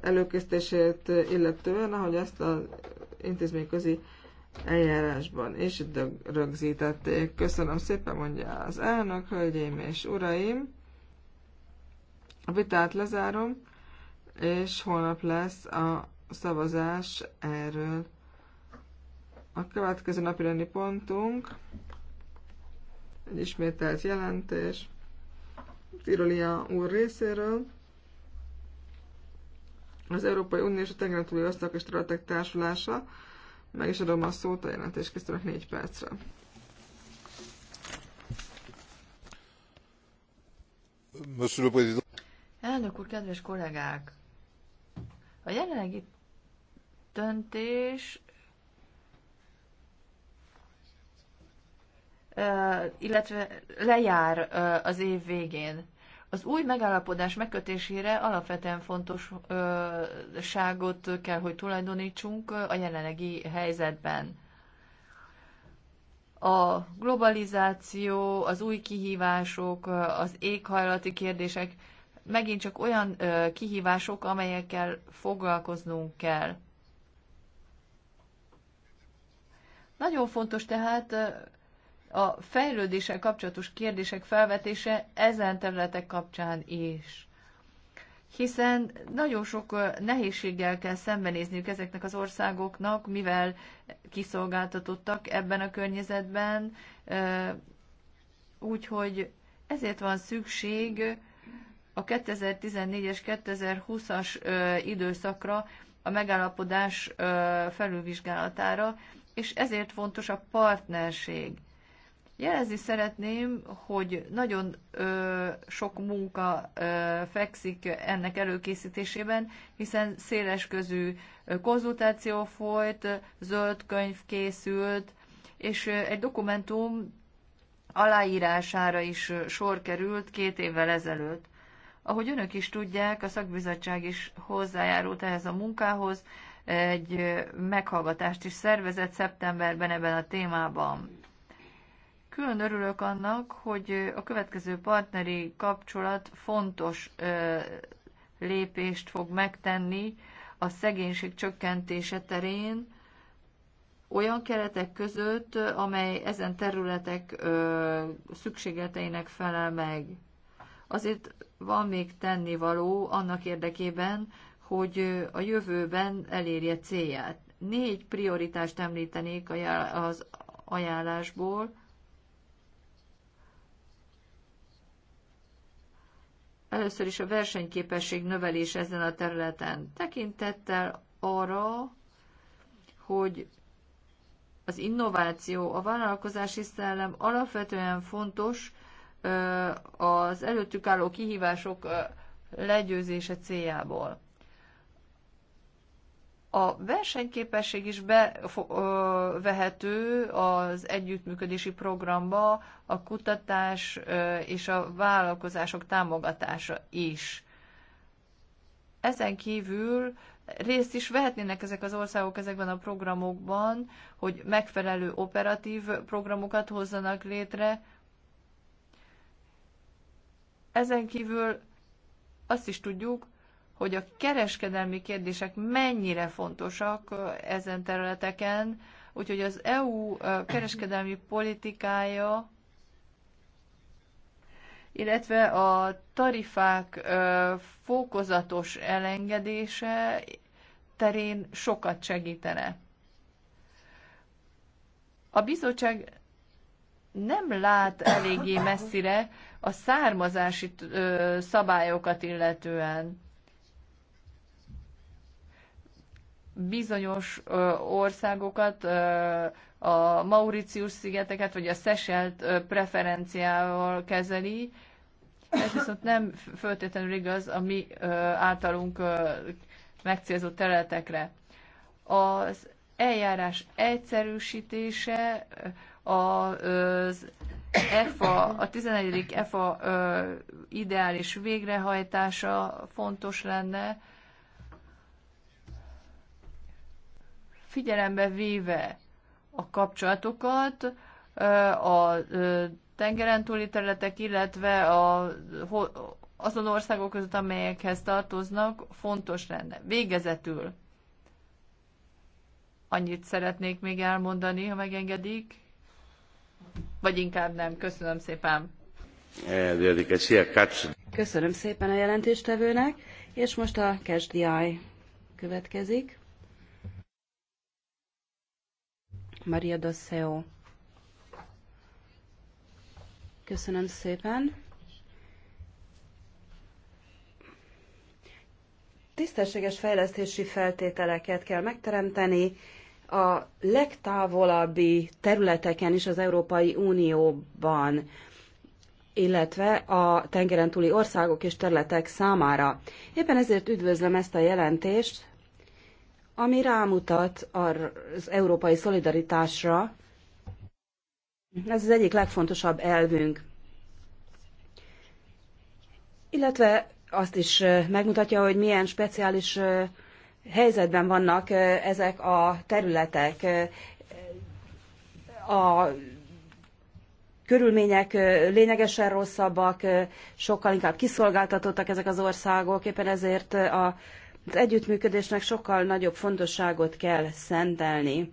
előkészítését illetően, ahogy ezt az intézményközi eljárásban is rögzítették. Köszönöm szépen, mondja az elnök, hölgyeim és uraim. A vitát lezárom, és holnap lesz a szavazás erről. A következő napi rendi pontunk egy ismételt jelentés Tirolia úr részéről az Európai Unió és a tengeren túli osztak és területek társulása. Meg is adom a szót a készülök négy percre. Elnök úr, kedves kollégák! A jelenlegi döntés, illetve lejár az év végén. Az új megállapodás megkötésére alapvetően fontosságot kell, hogy tulajdonítsunk a jelenlegi helyzetben. A globalizáció, az új kihívások, az éghajlati kérdések megint csak olyan kihívások, amelyekkel foglalkoznunk kell. Nagyon fontos tehát a fejlődéssel kapcsolatos kérdések felvetése ezen területek kapcsán is. Hiszen nagyon sok nehézséggel kell szembenézniük ezeknek az országoknak, mivel kiszolgáltatottak ebben a környezetben, úgyhogy ezért van szükség a 2014-es, 2020-as időszakra a megállapodás felülvizsgálatára, és ezért fontos a partnerség Jelezni szeretném, hogy nagyon ö, sok munka ö, fekszik ennek előkészítésében, hiszen széles közű konzultáció folyt, zöld könyv készült, és egy dokumentum aláírására is sor került két évvel ezelőtt. Ahogy önök is tudják, a szakbizottság is hozzájárult ehhez a munkához, egy meghallgatást is szervezett szeptemberben ebben a témában. Külön örülök annak, hogy a következő partneri kapcsolat fontos lépést fog megtenni a szegénység csökkentése terén, olyan keretek között, amely ezen területek ö, szükségleteinek felel meg. Azért van még tennivaló annak érdekében, hogy a jövőben elérje célját. Négy prioritást említenék az ajánlásból, Először is a versenyképesség növelés ezen a területen tekintettel arra, hogy az innováció, a vállalkozási szellem alapvetően fontos az előttük álló kihívások legyőzése céljából. A versenyképesség is bevehető az együttműködési programba, a kutatás és a vállalkozások támogatása is. Ezen kívül részt is vehetnének ezek az országok ezekben a programokban, hogy megfelelő operatív programokat hozzanak létre. Ezen kívül azt is tudjuk, hogy a kereskedelmi kérdések mennyire fontosak ezen területeken, úgyhogy az EU kereskedelmi politikája, illetve a tarifák fokozatos elengedése terén sokat segítene. A bizottság nem lát eléggé messzire a származási szabályokat illetően bizonyos országokat, a Mauritius szigeteket, vagy a Szeselt preferenciával kezeli. Ez viszont nem föltétlenül igaz a mi általunk megcélzott területekre. Az eljárás egyszerűsítése, az EFA, a 11. EFA ideális végrehajtása fontos lenne, figyelembe véve a kapcsolatokat a tengeren túli területek, illetve a, azon országok között, amelyekhez tartoznak, fontos lenne. Végezetül annyit szeretnék még elmondani, ha megengedik, vagy inkább nem. Köszönöm szépen. Köszönöm szépen a jelentéstevőnek, és most a Cash DI következik. Maria Dosseo. Köszönöm szépen. Tisztességes fejlesztési feltételeket kell megteremteni a legtávolabbi területeken is az Európai Unióban illetve a tengeren túli országok és területek számára. Éppen ezért üdvözlöm ezt a jelentést, ami rámutat az európai szolidaritásra. Ez az egyik legfontosabb elvünk. Illetve azt is megmutatja, hogy milyen speciális helyzetben vannak ezek a területek. A körülmények lényegesen rosszabbak, sokkal inkább kiszolgáltatottak ezek az országok, éppen ezért a az együttműködésnek sokkal nagyobb fontosságot kell szentelni.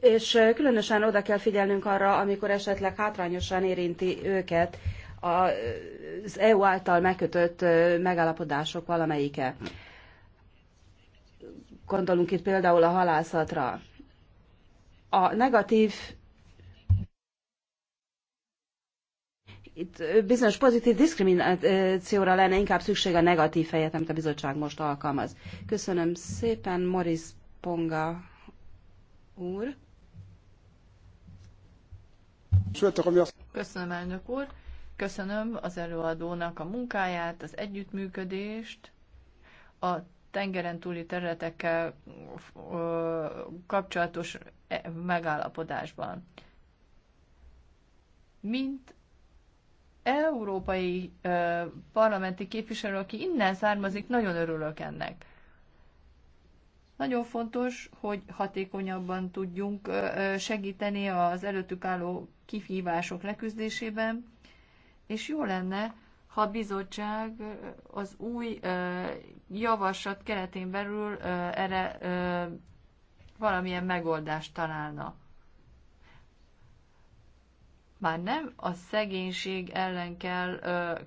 És különösen oda kell figyelnünk arra, amikor esetleg hátrányosan érinti őket az EU által megkötött megállapodások valamelyike. Gondolunk itt például a halászatra. A negatív itt bizonyos pozitív diszkriminációra lenne inkább szükség a negatív fejet, amit a bizottság most alkalmaz. Köszönöm szépen, Moris Ponga úr. Köszönöm, elnök úr. Köszönöm az előadónak a munkáját, az együttműködést, a tengeren túli területekkel kapcsolatos e, megállapodásban. Mint európai ö, parlamenti képviselő, aki innen származik, nagyon örülök ennek. Nagyon fontos, hogy hatékonyabban tudjunk segíteni az előttük álló kihívások leküzdésében, és jó lenne, ha a bizottság az új javaslat keretén belül erre valamilyen megoldást találna már nem a szegénység ellen kell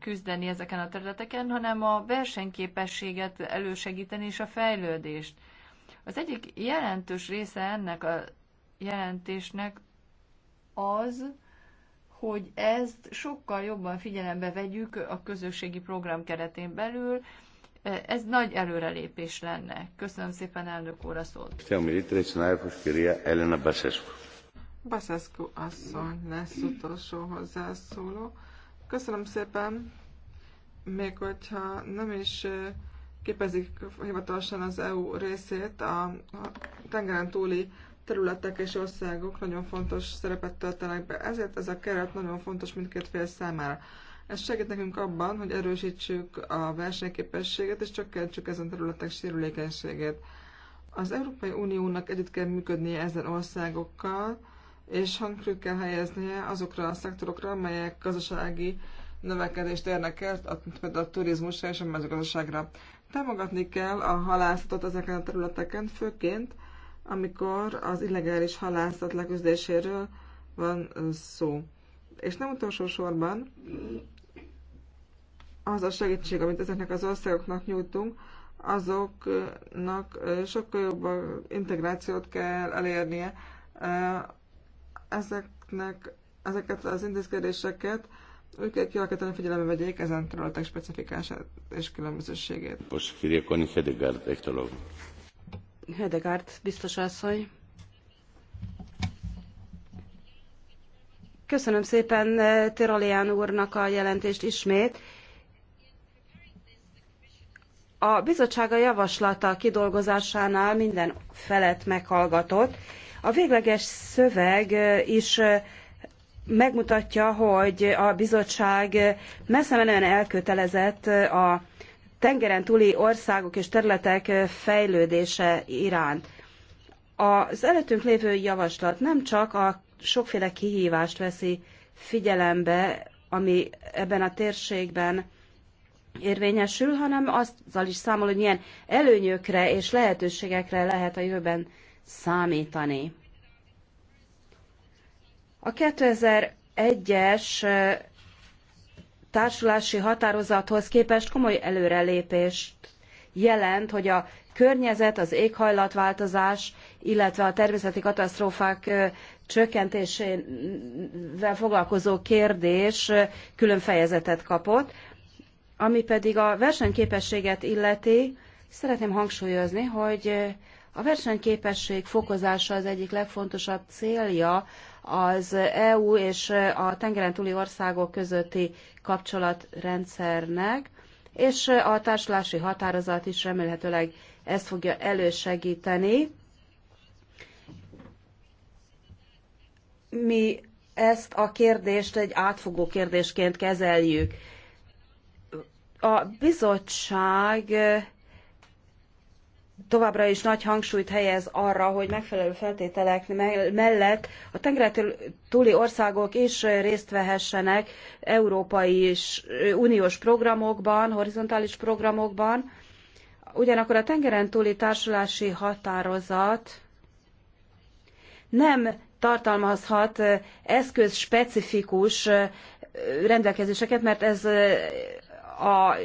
küzdeni ezeken a területeken, hanem a versenyképességet elősegíteni és a fejlődést. Az egyik jelentős része ennek a jelentésnek az, hogy ezt sokkal jobban figyelembe vegyük a közösségi program keretén belül. Ez nagy előrelépés lenne. Köszönöm szépen, elnök úr, a szót. Basescu. Baszeszkó asszony lesz utolsó hozzászóló. Köszönöm szépen, még hogyha nem is képezik hivatalosan az EU részét, a tengeren túli területek és országok nagyon fontos szerepet töltenek be, ezért ez a keret nagyon fontos mindkét fél számára. Ez segít nekünk abban, hogy erősítsük a versenyképességet és csökkentsük ezen területek sérülékenységét. Az Európai Uniónak együtt kell működnie ezen országokkal, és hangsúlyt kell helyeznie azokra a szektorokra, amelyek gazdasági növekedést érnek el, például a turizmusra és a mezőgazdaságra. Támogatni kell a halászatot ezeken a területeken, főként amikor az illegális halászat leküzdéséről van szó. És nem utolsó sorban az a segítség, amit ezeknek az országoknak nyújtunk, azoknak sokkal jobb integrációt kell elérnie ezeknek, ezeket az intézkedéseket úgy kell kialakítani, figyelembe vegyék ezen területek specifikását és különbözőségét. Most kirjekon Hedegard dolog. Hedegard, biztos asszony. Köszönöm szépen eh, Tirolián úrnak a jelentést ismét. A bizottsága javaslata kidolgozásánál minden felett meghallgatott, a végleges szöveg is megmutatja, hogy a bizottság messze menően elkötelezett a tengeren túli országok és területek fejlődése iránt. Az előttünk lévő javaslat nem csak a sokféle kihívást veszi figyelembe, ami ebben a térségben érvényesül, hanem azzal is számol, hogy milyen előnyökre és lehetőségekre lehet a jövőben számítani. A 2001-es társulási határozathoz képest komoly előrelépést jelent, hogy a környezet, az éghajlatváltozás, illetve a természeti katasztrófák csökkentésével foglalkozó kérdés külön fejezetet kapott. Ami pedig a versenyképességet illeti, szeretném hangsúlyozni, hogy a versenyképesség fokozása az egyik legfontosabb célja az EU és a tengeren túli országok közötti kapcsolatrendszernek, és a társulási határozat is remélhetőleg ezt fogja elősegíteni. Mi ezt a kérdést egy átfogó kérdésként kezeljük. A bizottság továbbra is nagy hangsúlyt helyez arra, hogy megfelelő feltételek mellett a tengeren túli országok is részt vehessenek európai és uniós programokban, horizontális programokban. Ugyanakkor a tengeren túli társulási határozat nem tartalmazhat eszköz specifikus rendelkezéseket, mert ez a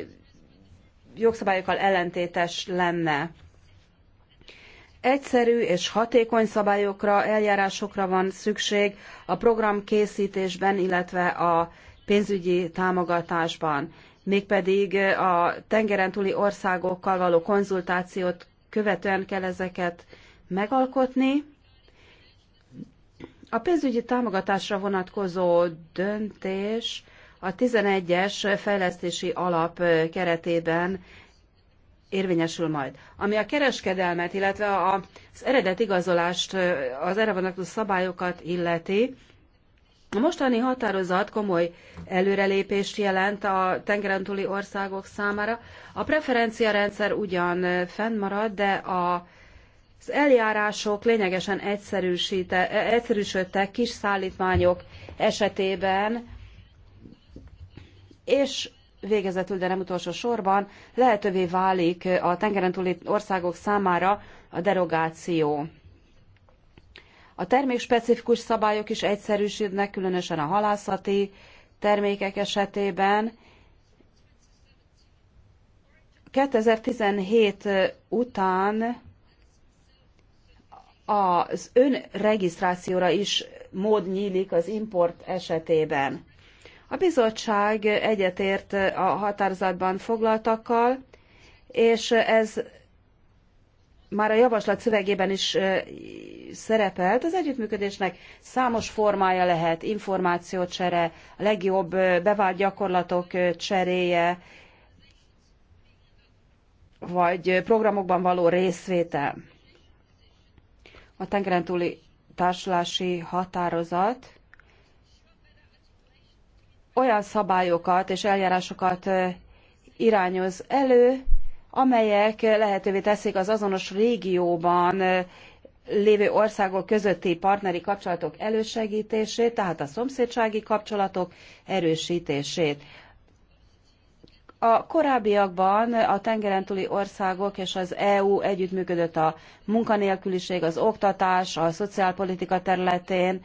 jogszabályokkal ellentétes lenne. Egyszerű és hatékony szabályokra, eljárásokra van szükség a program készítésben, illetve a pénzügyi támogatásban, mégpedig a tengeren túli országokkal való konzultációt követően kell ezeket megalkotni. A pénzügyi támogatásra vonatkozó döntés a 11-es fejlesztési alap keretében érvényesül majd. Ami a kereskedelmet, illetve az eredet igazolást, az erre vonatkozó szabályokat illeti, a mostani határozat komoly előrelépést jelent a tengeren túli országok számára. A preferencia rendszer ugyan fennmarad, de a az eljárások lényegesen egyszerűsödtek kis szállítmányok esetében, és végezetül, de nem utolsó sorban lehetővé válik eh, a tengeren túli országok számára a derogáció. A termékspecifikus szabályok is egyszerűsödnek, különösen a halászati termékek esetében. 2017 eh, után az önregisztrációra is mód nyílik az import esetében. A bizottság egyetért a határozatban foglaltakkal, és ez már a javaslat szövegében is szerepelt, az együttműködésnek számos formája lehet, információcsere, a legjobb bevált gyakorlatok cseréje, vagy programokban való részvétel. A tengeren túli társulási határozat olyan szabályokat és eljárásokat irányoz elő, amelyek lehetővé teszik az azonos régióban lévő országok közötti partneri kapcsolatok elősegítését, tehát a szomszédsági kapcsolatok erősítését. A korábbiakban a tengeren túli országok és az EU együttműködött a munkanélküliség, az oktatás, a szociálpolitika területén,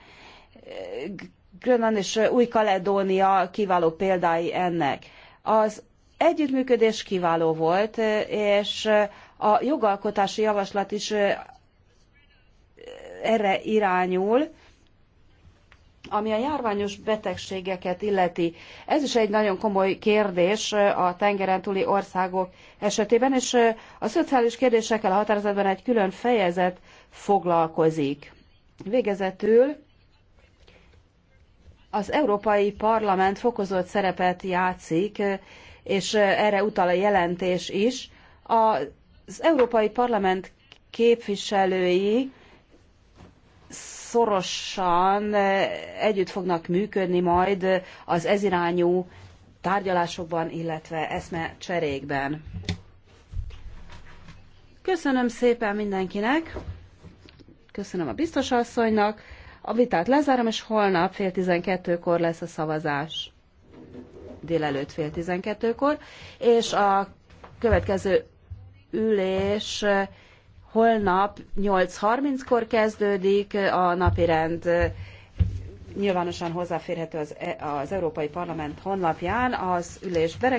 Grönland és Új-Kaledónia kiváló példái ennek. Az együttműködés kiváló volt, és a jogalkotási javaslat is erre irányul, ami a járványos betegségeket illeti. Ez is egy nagyon komoly kérdés a tengeren túli országok esetében, és a szociális kérdésekkel a határozatban egy külön fejezet foglalkozik. Végezetül az Európai Parlament fokozott szerepet játszik, és erre utal a jelentés is. Az Európai Parlament képviselői szorosan együtt fognak működni majd az ezirányú tárgyalásokban, illetve eszme cserékben. Köszönöm szépen mindenkinek, köszönöm a biztos asszonynak. A vitát lezárom, és holnap fél tizenkettőkor lesz a szavazás. Délelőtt fél tizenkettőkor. És a következő ülés eh, holnap 8.30-kor kezdődik, eh, a napirend eh, nyilvánosan hozzáférhető az, az Európai Parlament honlapján, az ülés berek